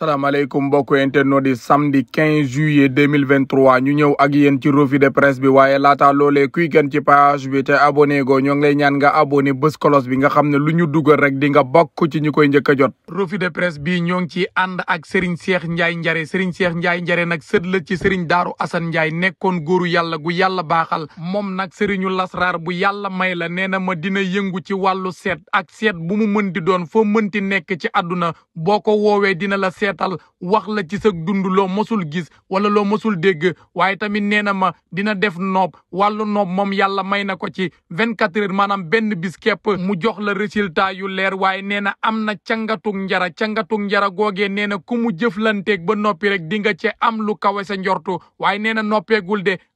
salaamaaleykum mbokk internet di samedi 15 juillet 2023 ñu ñëw ak yéen ci revue de presse bi waaye laata loolee kuy gën ci page bi te abonné go ñoo ngi lay ñaan nga abonné bés kolos bi nga xam ne lu ñu dugal rek di nga bokk ci ñu koy njëkk a jot revue de presse bi ñoo ngi ci ànd ak Serigne Cheikh Ndiaye Njare Serigne Cheikh Ndiaye Njare nag sët la ci Serigne Daaru Assane Ndiaye nekon góoru yàlla gu yàlla baaxal moom nag Serigne Lasrar bu yàlla may la nee na ma dina yëngu ci wàllu seet ak seet bu mu mën di doon foo mënti nekk ci àdduna seetal wax la ci sa dund loo mosul gis wala loo mosul dégg waaye tamit nee na ma dina def noob wàllu noob moom yàlla may na ko ci vingt quatre heures maanaam benn bis képp mu jox la résultat yu leer waaye nee na am na cangatug njara cangatug njara googee nee na ku mu jëflanteeg ba noppi rek di nga ci am lu kawe sa njortu waaye nee na de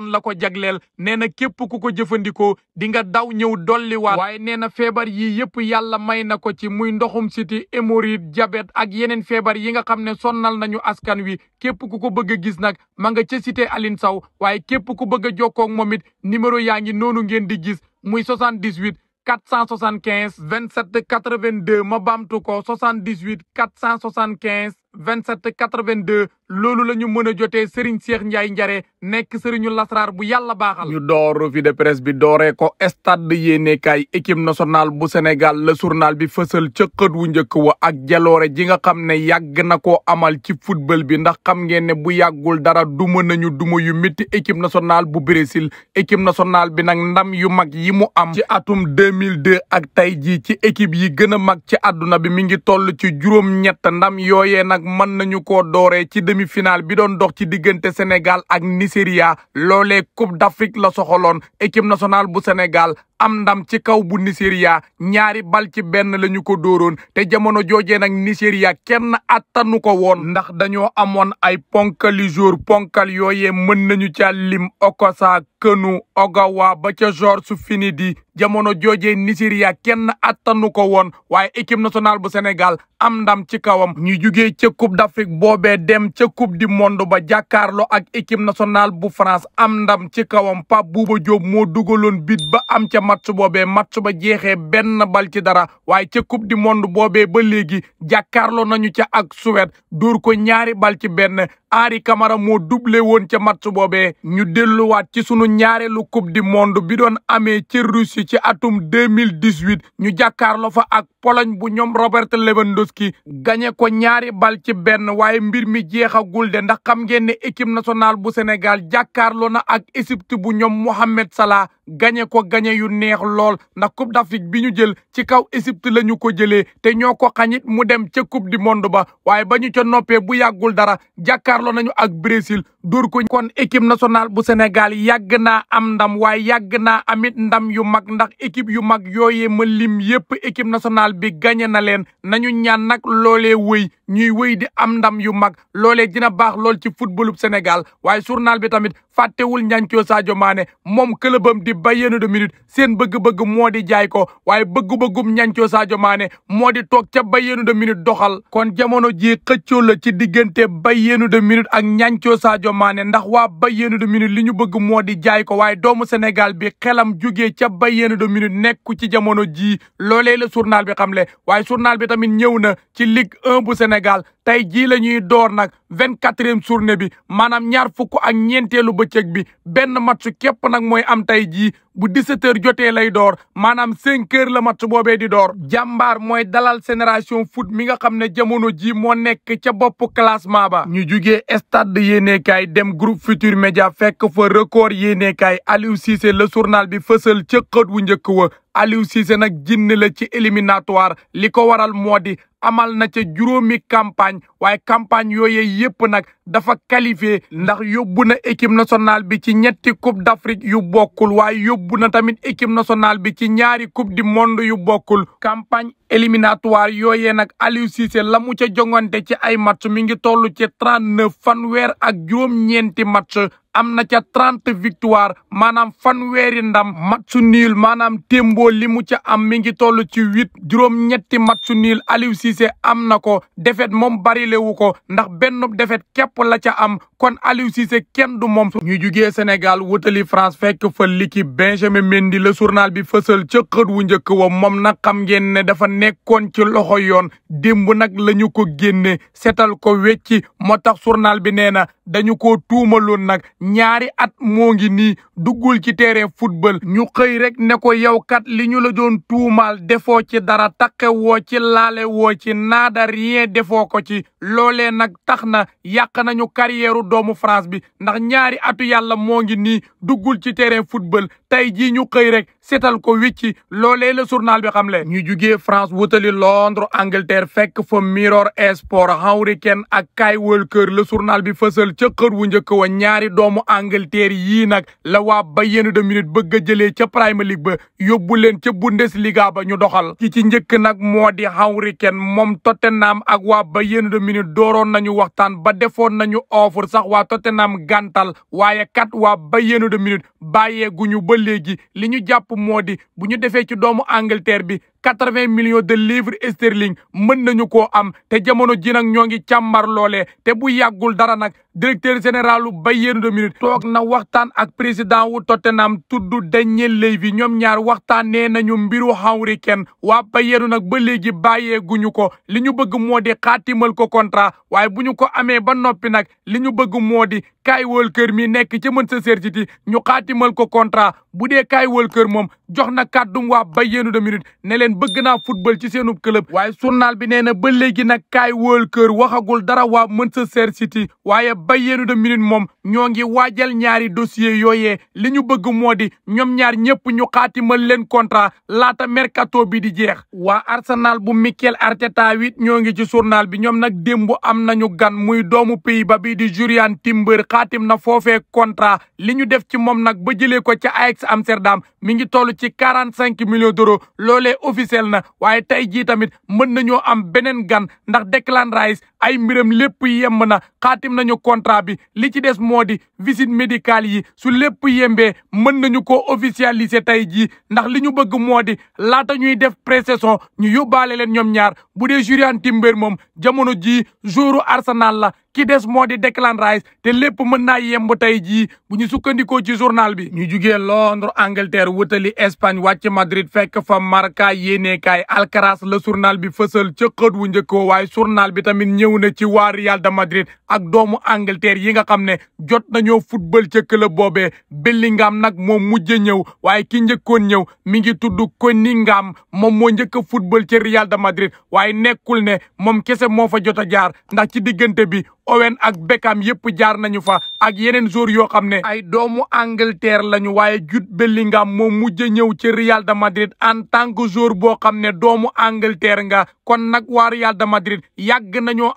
fan la ko jagleel nee na képp ku ko jëfandikoo di nga daw ñëw waa waaye nee na feebar yi yëpp yàlla may na ko ci muy ndoxum siti hémorroïde jabet ak yeneen feebar yi nga xam ne sonnal nañu askan wi képp ku ko bëgg a gis nag ma nga ca cité Aline Sow waaye képp ku bëgg a jokkoo ak moom it numéro yaa ngi noonu ngeen di gis muy 78 475 27 82 ma baamtu ko 78 475 27 82 loolu la ñu mën a jotee Serigne Cheikh Ndiaye Njare nekk Serigne Lasrar bu yàlla baaxal. ñu door revue de presse bi dooree ko stade yéenekaay équipe national bu Sénégal la journal bi fësal ca wu njëkk wa ak jaloore ji nga xam ne yàgg na ko amal ci football bi ndax xam ngeen ne bu yàggul dara duma nañu duma yu métti équipe nationale bu Brésil équipe nationale bi nag ndam yu mag yi mu am. ci atum 2002 ak tey jii ci équipe yi gën a mag ci àdduna bi mi ngi toll ci juróom-ñett ndam yooyee nag mën nañu ko dooree ci demi-finale bi doon dox ci diggante Sénégal ak Nigeria loolee Coupe d'Afrique la soxaloon équipe nationale bu Sénégal am ndam ci kaw bu Nigéria ñaari bal ci benn la ñu ko dóoroon te jamono joojee nag Nigéria kenn attanu ko woon ndax dañoo amoon ay ponkali jour ponkal yooyee mën nañu ca lim Okosa Kanu Ogawa ba ca George Finidi jamono joojee Nigéria kenn attanu ko woon waaye équipe nationale bu Sénégal am ndam ci kawam ñu jugee ca Coupe d'Afrique boobee dem ca Coupe du Monde ba jàkkaarloo ak équipe nationale bu France am ndam ci kawam Pape Bouba Diop moo dugaloon bit ba am ca match boobee match ba jeexee benn bal ci dara waaye ca coupe du monde boobee ba léegi jàkkaarloo nañu ca ak Suède dóor ko ñaari bal ci benn Henri Camara moo doublé woon ca match boobe ñu delluwaat ci sunu ñaareelu coupe du monde bi doon amee ci Russie ci atum 2018 ñu jàkkaarloo fa ak Pologne bu ñoom Robert Lewandowski gagné ko ñaari bal ci benn waaye mbir mi jeexagul de ndax xam ngeen ne équipe nationale bu Sénégal jàkkaarloo na ak Égypte bu ñoom Mohamed Salah gagné ko gagné neex lool ndax coupe d'Afrique bi ñu jël ci kaw Égypte la ñu ko jëlee te ñoo ko xañit mu dem ca coupe du monde ba waaye ba ñu ca noppee bu yàggul dara jàkkaarloo nañu ak Brésil dóor ko kon équipe nationale bu Sénégal yàgg naa am ndam waaye yàgg naa amit ndam yu mag ndax équipe yu mag yooyee ma lim yépp équipe nationale bi gagné na leen nañu ñaan nag loolee wëy ñuy wëy di am ndam yu mag loolee dina baax lool ci footballu Sénégal waaye journal bi tamit fàttewul ñancoo Sadio Mané moom këlëbam di Bayern de Munich bëgg-bëgg moo di jaay ko waaye bëgg-bëggum ñancoo Sadio moo di toog ca Bayern de Munich doxal kon jamono ji xëccoo la ci diggante Bayern de Munich ak ñancoo Sadio Mané ndax waa Bayern de Munich li ñu bëgg moo di jaay ko waaye doomu Sénégal bi xelam jugee ca Bayern de Munich nekku ci jamono jii loolee la journal bi xamle waaye journal bi tamit ñëw na ci lig 1 bu Sénégal tey jii la ñuy door nag vingt-quatrième journée bi maanaam ñaar fukk ak ñeenteelu bëccëg bi benn match képp nag mooy am tey jii bu 17 jotee lay door maanaam 5 heures la match boobee di door jàmbaar mooy dalal sénération foot mi nga xam ne jamono ji moo nekk ca bopp classement ba ñu jugee stade yéenekaay dem groupe Futur Média fekk fa record yéenekaay Aliou Cissé la journal bi fësal ca xët wu njëkk wa Aliou Cissé nag jinn la ci éliminatoire li ko waral moo di amal na ca juróomi campagne waaye campagne yooye yépp nag dafa qualifié ndax yóbbu na équipe nationale bi ci ñetti coupe d'Afrique yu bokkul waaye yóbbu na tamit équipe nationale bi ci ñaari coupe du monde yu bokkul campagne éliminatoire yooyee nag Aliou Cissé la mu ca jongante ci ay match mi ngi toll ci trente-neuf fanweer ak juróom-ñeenti match am na ca trente victoire maanaam fanweeri ndam matchu niil maanaam témboo li mu ca am mi ngi toll ci huit juróom-ñetti matchu Aliou Cissé am na ko defet moom bari lewu ko ndax benn defet képp la ca am kon Aliou kenn du moom ñu jugee Sénégal wutali France fekk fa l'équipe Benjamin Mendy le surnal bi fësal ca wu njëkk wa moom nag xam ne dafa nekkoon ci loxo yoon démb nag la ñu ko génne setal ko wecci moo tax journal bi nee na dañu ko tuumaloon nag ñaari at moo ngi nii duggul ci terrain football ñu xëy rek ne ko yow kat li ñu la doon tuumaal defoo ci dara taqe woo ci laale woo ci naada rien defoo ko ci loolee nag tax na yàq nañu carrière doomu France bi ndax ñaari atu yàlla moo ngi nii duggul ci terrain football tey jii ñu xëy rek setal ko wicci loolee la journal bi xamle ñu jugee France wutali Londres Angleterre fekk fo Mirror Sport Harry Kane ak Kyle Walker la journal bi fësal ca xër wu njëkk wa ñaari doomu Angleterre yii nag la waa Bayern de Munich bëgg a jëlee ca Premier League ba yóbbu leen ca Bundesliga ba ñu doxal ki ci njëkk nag moo di Harry Kane moom Tottenham ak waa Bayern de Munich dooroon nañu waxtaan ba defoon nañu offre sax waa Tottenham gàntal waaye kat waa Bayern de Munich bàyyeeguñu ba léegi li ñu jàpp moo di bu ñu defee ci doomu Angleterre bi quatre-vingts millions de livre sterling mën nañu ko am te jamono ji nag ñoo ngi càmbar loolee te bu yàggul dara nag directeur général u Bayern de Munich toog na waxtaan ak président wu Tottenham tudd Daniel Levy ñoom ñaar waxtaanee nañu mbiru Harry Kane waa Bayern nag ba léegi bàyyee ko li ñu bëgg moo di xaatimal ko contrat waaye bu ñu ko amee ba noppi nag li ñu bëgg moo di Kyle Walker mi nekk ca Manchester City ñu xaatimal ko contrat bu dee Kyle Walker moom jox na kàddum waa Bayern de Munich ne leen bëgg naa football ci seenub club. waaye journal bi nee na ba léegi nag Kyle Walker waxagul dara waa Manchester City waaye Bayern de Munich moom ñoo ngi waajal ñaari dossier yooye li ñu bëgg moo di ñoom ñaar ñëpp ñu xaatimal leen contrat laata merkato bi di jeex. waa Arsenal bu Mikel Arteta wit ñoo ngi ci journal bi ñoom nag démb am nañu gan muy doomu pays ba bii di Jurian Timber xaatim na foofee contrat li ñu def ci moom nag ba jëlee ko ca Ajax Amsterdam mi ngi toll ci quarante cinq millions d'euros loolee officiel na waaye tey jii tamit mën nañoo am beneen gan ndax Declan Rice ay mbiram lépp yemb na xaatim nañu contrat bi li ci des moo di visite médicale yi su lépp yembee mën nañu ko officialiser tey jii ndax li ñu bëgg moo di laata ñuy def pré-saison ñu yóbbaale leen ñoom ñaar bu dee Julian Timber moom jamono jii jouru Arsenal la ki des moo di Declan Rice te lépp mën naa yemb tey jii bu ñu sukkandikoo ci journal bi. ñu jugee Londres Angleterre wutali Espagne wàcc Madrid fekk fa Marca yéenekaay Alcaraz la journal bi fësal ca wu njëkkoo waaye journal bi tamit wu ne ci waa Real de Madrid ak doomu Angleterre yi nga xam ne jot nañoo football ca club boobee Bellingham nag moo mujj ñëw waaye ki njëkkoon ñëw mi ngi tudd Cunningham moom moo njëkk a football ci Real de Madrid waaye nekkul ne moom kese moo fa jot a jaar ndax ci diggante bi Owen ak Beckham yëpp jaar nañu fa ak yeneen joueurs yoo xam ne ay doomu Angleterre lañu waaye Jude Bellingham moo mujj ñëw ci Real de Madrid en tant que joueur boo xam ne doomu Angleterre nga kon nag waa Real de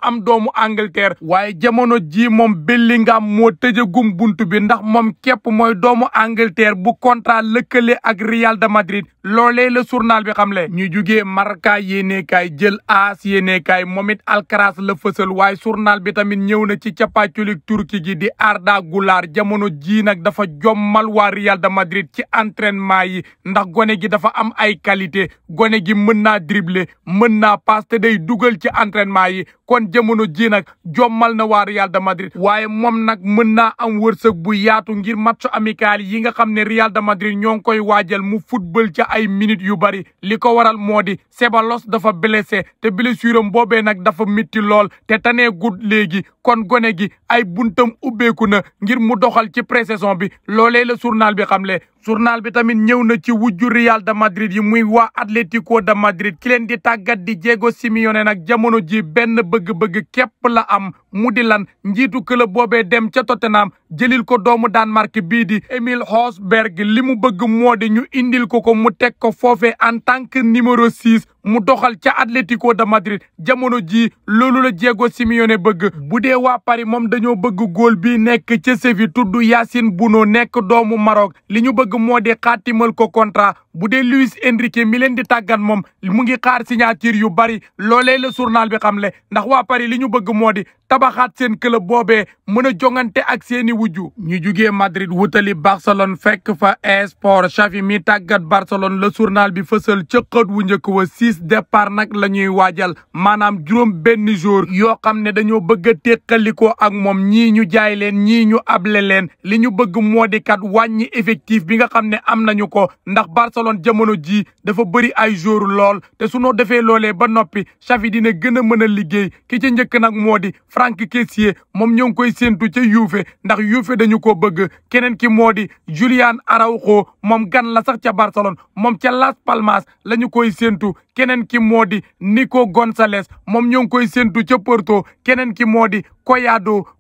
am doomu Angleterre waaye jamono ji moom Bellingham moo tëjagum bunt bi ndax moom képp mooy doomu Angleterre bu contrat lëkkale ak Real de Madrid loole la journal bi xam xamle ñu jugee Marca yéenekaay jël AS yéenekaay moom it Alcaraz la fësal waaye journal bi tamit ñëw na ci capaaculik turki gi di Arda Güler jamono ji nag dafa jommal waa Real de Madrid ci entraînement yi ndax gone gi dafa am ay qualité gone gi mën naa dribbler mën naa passe te day dugal ci entraînement yi kon jamono ji nag jommal na waa Real de Madrid waaye moom nag mën naa am wërsëg bu yaatu ngir match amical yi nga xam ne Real de Madrid ñoo ngi koy waajal mu football ca ay minutes yu bari li ko waral moo di Ceballos dafa blessé te blessure am boobee nag dafa mitti lool te tanee gut léegi kon gone gi ay buntam ubbeeku na ngir mu doxal ci pré-saison bi loolee la journal bi le journal bi tamit ñëw na ci wujju Real de Madrid yi muy waa Atlético de Madrid ki leen tàggat di Diego Simeone nag jamono ji benn bëgg bëgg-bëgg képp la am mu di lan njiitu club boobee dem ca Tottenham jëlil ko doomu Danemark bii di Emil Højbjerg li mu bëgg moo di ñu indil ko ko mu teg ko foofe en tant que numéro six mu doxal ca Atlético de Madrid jamono ji loolu la Diego Simeone bëgg bu dee waa Paris moom dañoo bëgg góol bi nekk ca Séville tudd bu no nekk doomu Maroc li ñu bëgg moo di xaatimal ko contrat bu dee Luis Enrique mi leen di tàggat moom mu ngi xaar signature yu bari loolee la journal bi xam le ndax waa Paris li ñu bëgg moo tabaxaat seen club boobee mën a jongante ak seeni wujju ñu jugee Madrid wutali Barcelone fekk fa esport Xavi mi tàggat Barcelone la surnal bi fësal ca xët wu njëkk wa six départ nag la ñuy waajal maanaam juróom benn jour yoo xam ne dañoo bëgg a ko ak moom ñii ñu jaay leen ñii ñu able leen li ñu bëgg moo di kat wàññi effectif bi nga xam ne am nañu ko ndax Barcelone jamono jii dafa bëri ay jour lool te su noo defee loole ba noppi Xavi dina gën a mën a liggéey ki ci njëkk nag moo di Franck Kessié moom ñoo ngi koy séentu ca Juve ndax Juve dañu ko bëgg keneen ki moo di Julian Araujo moom gan la sax ca Barcelone moom ca Las Palmas la ñu koy séentu keneen ki moo di Nico Gonzalez moom ñoo ngi koy séntu ca Porto keneen ki moo di ko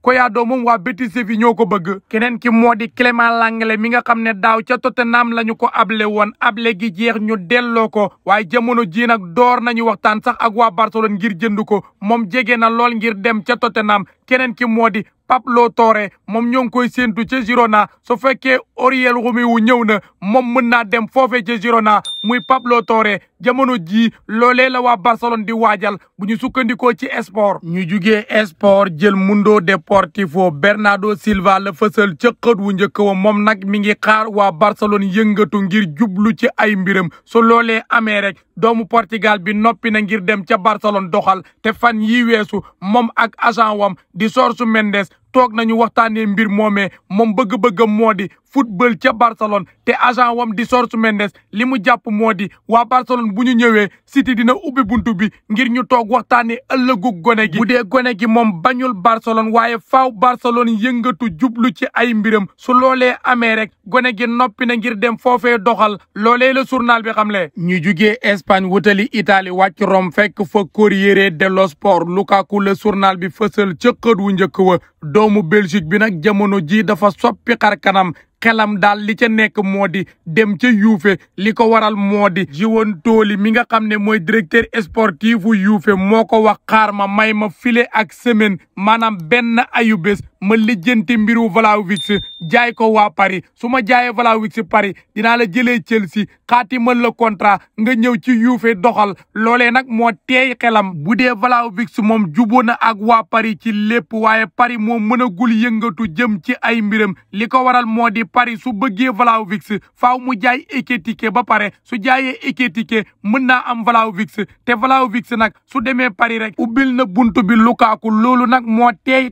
Collado moom waa Betis Séville ñoo ko bëgg keneen ki moo di Clément Lenglet mi nga xam ne daaw ca Tottenham la ñu ko able woon able gi jeex ñu delloo ko waaye jamono ji nag door nañu waxtaan sax ak waa Barcelone ngir jënd ko moom jege na lool ngir dem ca Tottenham keneen ki moo di Pape Lô Touré moom ñoo ngi koy séentu ca Girona su fekkee Oriol wu ñëw na moom mën naa dem foofee ca Girona muy Pape Lô Touré jamono jii loolee la waa Barcelone di waajal bu ñu sukkandikoo ci sport. ñu jugee sport jël Mundo Deportivo Bernardo Silva la fësal ca xët wu njëkk wa moom nag mi ngi xaar waa Barcelone yëngatu ngir jublu ci ay mbiram su loolee amee rek. doomu Portugal bi noppi na ngir dem ca Barcelone doxal te fan yi weesu moom ak agent wam di Jorge Mendes toog nañu waxtaanee mbir moomee moom bëgg-bëggam moo di football ca Barcelone te agent wam di Sorso Mendes li mu jàpp moo di waa Barcelone bu ñu ñëwee City dina ubbi bunt bi ngir ñu toog waxtaanee ëllëgu gone gi. bu dee gone gi moom bañul Barcelone waaye faaw Barcelone yëngatu jublu ci ay mbiram su loolee amee rek gone gi noppi na ngir dem foofee doxal loole la surnal bi xam xamle. ñu jugee Espagne wutali itali wàcc Rome fekk fa Corriere dello Sport Lukaku la bi fësal ca wu njëkk wa. doomu Belgique bi nag jamono jii dafa soppi xar kanam xelam daal li ca nekk moo di dem ca yuufe li ko waral moo di jiwoon tooli mi nga xam ne mooy directeur sportif u yuufe moo ko wax xaar ma may ma file ak semaine maanaam benn ayu ma lijjanti mbiru Vlahovic jaay ko waa pari su ma jaayee Vlahovic Paris dinaa la jëlee Chelsea xaatimal la contrat nga ñëw ci yuufee doxal loole nag moo teey xelam bu dee Vlahovic moom juboo na ak waa pari ci lépp waaye Paris moo mënagul yëngatu jëm ci ay mbiram li ko waral moo di pari su bëggee Vlahovic faaw mu jaay Ekitike ba pare su jaayee Ekitike mën naa am Vlahovic te Vlahovic nag su demee pari rek ubbil na buntu bi Lukaku loolu nag moo teey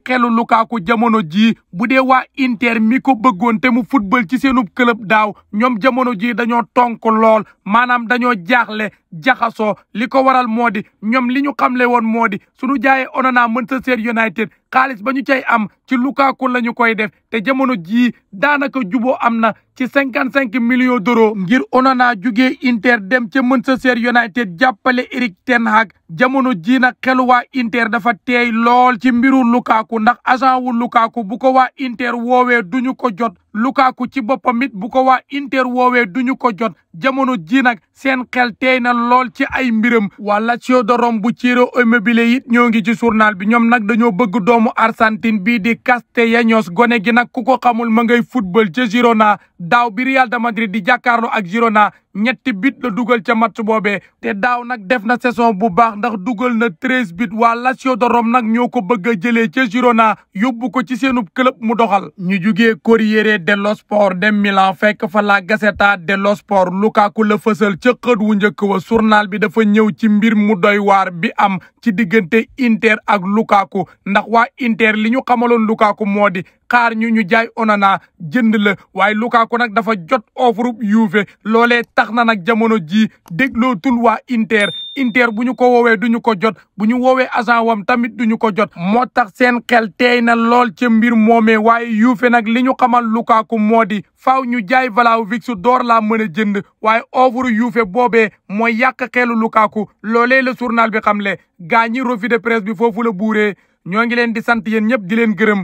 jëm jamono jii bu dee waa Inter mi ko bëggoon te mu football ci seenub club daaw ñoom jamono jii dañoo tonk lool maanaam dañoo jaaxle jaxasoo li ko waral moo di ñoom li ñu xamle woon moo di suñu jaayee Onana Manchester United xaalis ba ñu cay am ci Lukaku la ñu koy def te jamono jii daanaka juboo am na ci cinquante cinq millions d'euros ngir Onana jugee Inter dem ca Manchester United jàppale Eric Ten Hag jamono jii nag xelu waa Inter dafa teey lool ci mbiru lukaaku ndax agent wu Lukaku bu ko waa Inter woowee duñu ko jot Lukaku ci boppam it bu ko waa Inter woowee du ñu ko jot jamono ji nag seen xel tey na lool ci ay mbiram waa Lazio de Rome bu Ciro Immobile it ñoo ngi ci journal bi ñoom nag dañoo bëgg doomu Argentine bii di Castellanos gone gi nag ku ko xamul ma ngay football ca Girona daaw bi Real de Madrid di jàkkaarloo ak Girona ñetti bit la dugal ca match boobee te daaw nag def na saison bu baax ndax dugal na treize bit waa Lazio nag ñoo ko bëgg a jëlee ca Girona yóbbu ko ci seenub club mu doxal ñu jugee Corriere dello Sport dem Milan fekk fa la Gazzetta dello Sport la fësal ca xët wu njëkk wa journal bi dafa ñëw ci mbir mu doy waar bi am ci diggante Inter ak lukaaku ndax waa Inter li ñu xamaloon lukaaku moo di xaar ñu ñu jaay Onana jënd la waaye Lukaku nag dafa jot offre Juve loole tax na nag jamono jii déglootul waa Inter Inter bu ñu ko woowee du ñu ko jot bu ñu woowee agent wam tamit du ñu ko jot moo tax seen xel teey na lool ca mbir moome waaye Juve nag li ñu xamal Lukaku moo di faaw ñu jaay Vlahovic su door laa mën a jënd waaye offre Juve boobee mooy yàq xelu Lukaku loolee la journal bi xamle gaa ñi revue de presse bi foofu la buuree ñoo ngi leen di sant yéen ñëpp di leen gërëm